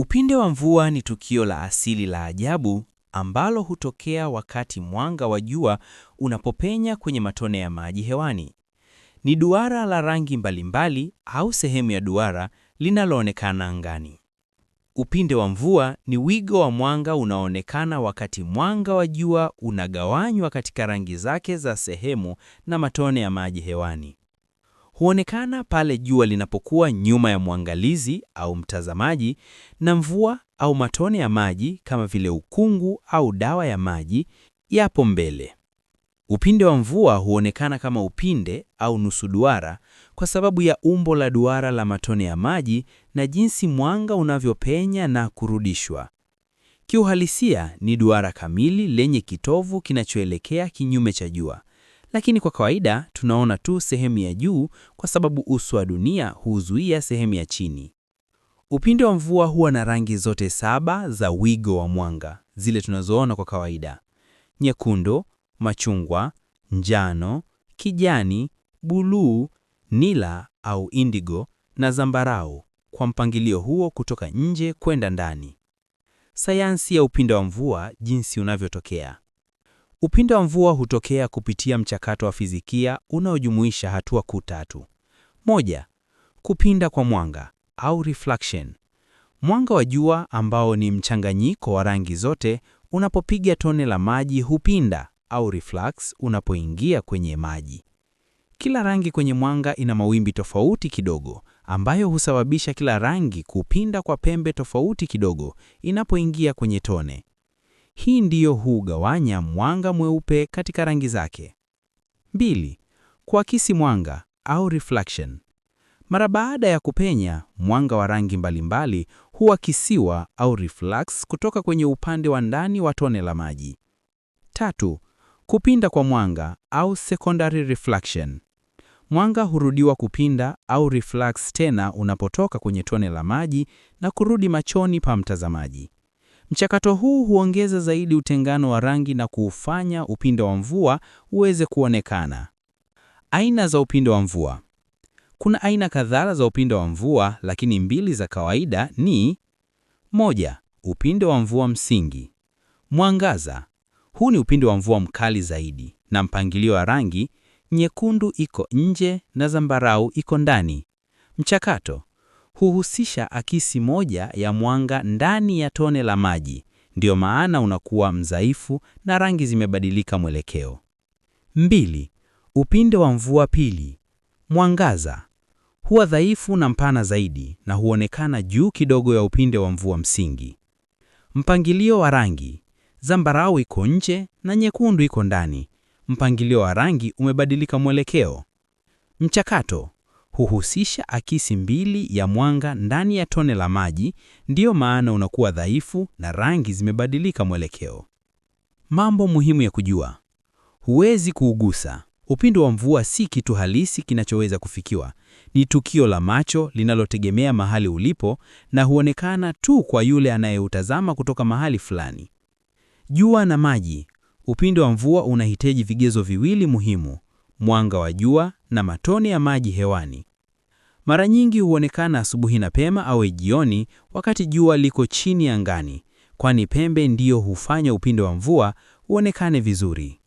Upinde wa mvua ni tukio la asili la ajabu ambalo hutokea wakati mwanga wa jua unapopenya kwenye matone ya maji hewani. Ni duara la rangi mbalimbali au sehemu ya duara linaloonekana angani. Upinde wa mvua ni wigo wa mwanga unaoonekana wakati mwanga wa jua unagawanywa katika rangi zake za sehemu na matone ya maji hewani huonekana pale jua linapokuwa nyuma ya mwangalizi au mtazamaji, na mvua au matone ya maji kama vile ukungu au dawa ya maji yapo mbele. Upinde wa mvua huonekana kama upinde au nusu duara kwa sababu ya umbo la duara la matone ya maji na jinsi mwanga unavyopenya na kurudishwa. Kiuhalisia ni duara kamili lenye kitovu kinachoelekea kinyume cha jua lakini kwa kawaida tunaona tu sehemu ya juu kwa sababu uso wa dunia huzuia sehemu ya chini. Upinde wa mvua huwa na rangi zote saba za wigo wa mwanga, zile tunazoona kwa kawaida: nyekundu, machungwa, njano, kijani, buluu, nila au indigo na zambarau, kwa mpangilio huo kutoka nje kwenda ndani. Sayansi ya upinde wa mvua jinsi unavyotokea. Upinde wa mvua hutokea kupitia mchakato wa fizikia unaojumuisha hatua kuu tatu. Moja, kupinda kwa mwanga au reflection. Mwanga wa jua ambao ni mchanganyiko wa rangi zote unapopiga tone la maji hupinda au reflux unapoingia kwenye maji. Kila rangi kwenye mwanga ina mawimbi tofauti kidogo ambayo husababisha kila rangi kupinda kwa pembe tofauti kidogo inapoingia kwenye tone. Hii ndiyo hugawanya mwanga mweupe katika rangi zake. Mbili, kuakisi mwanga au reflection. Mara baada ya kupenya, mwanga wa rangi mbalimbali huakisiwa au reflux kutoka kwenye upande wa ndani wa tone la maji. Tatu, kupinda kwa mwanga au secondary reflection. Mwanga hurudiwa kupinda au reflux tena unapotoka kwenye tone la maji na kurudi machoni pa mtazamaji. Mchakato huu huongeza zaidi utengano wa rangi na kuufanya upinde wa mvua uweze kuonekana. Aina za upinde wa mvua. Kuna aina kadhaa za upinde wa mvua, lakini mbili za kawaida ni: moja, upinde wa mvua msingi, mwangaza. Huu ni upinde wa mvua mkali zaidi na mpangilio wa rangi: nyekundu iko nje na zambarau iko ndani. Mchakato: huhusisha akisi moja ya mwanga ndani ya tone la maji, ndiyo maana unakuwa mzaifu na rangi zimebadilika mwelekeo. Mbili, upinde wa mvua pili, mwangaza huwa dhaifu na mpana zaidi na huonekana juu kidogo ya upinde wa mvua msingi. Mpangilio wa rangi: zambarau iko nje na nyekundu iko ndani. Mpangilio wa rangi umebadilika mwelekeo. Mchakato: huhusisha akisi mbili ya mwanga ndani ya tone la maji, ndiyo maana unakuwa dhaifu na rangi zimebadilika mwelekeo. Mambo muhimu ya kujua: huwezi kuugusa. Upindo wa mvua si kitu halisi kinachoweza kufikiwa. Ni tukio la macho linalotegemea mahali ulipo na huonekana tu kwa yule anayeutazama kutoka mahali fulani. Jua na maji. Upindo wa mvua unahitaji vigezo viwili muhimu: mwanga wa jua na matone ya maji hewani. Mara nyingi huonekana asubuhi na pema au jioni wakati jua liko chini angani, kwani pembe ndiyo hufanya upinde wa mvua uonekane vizuri.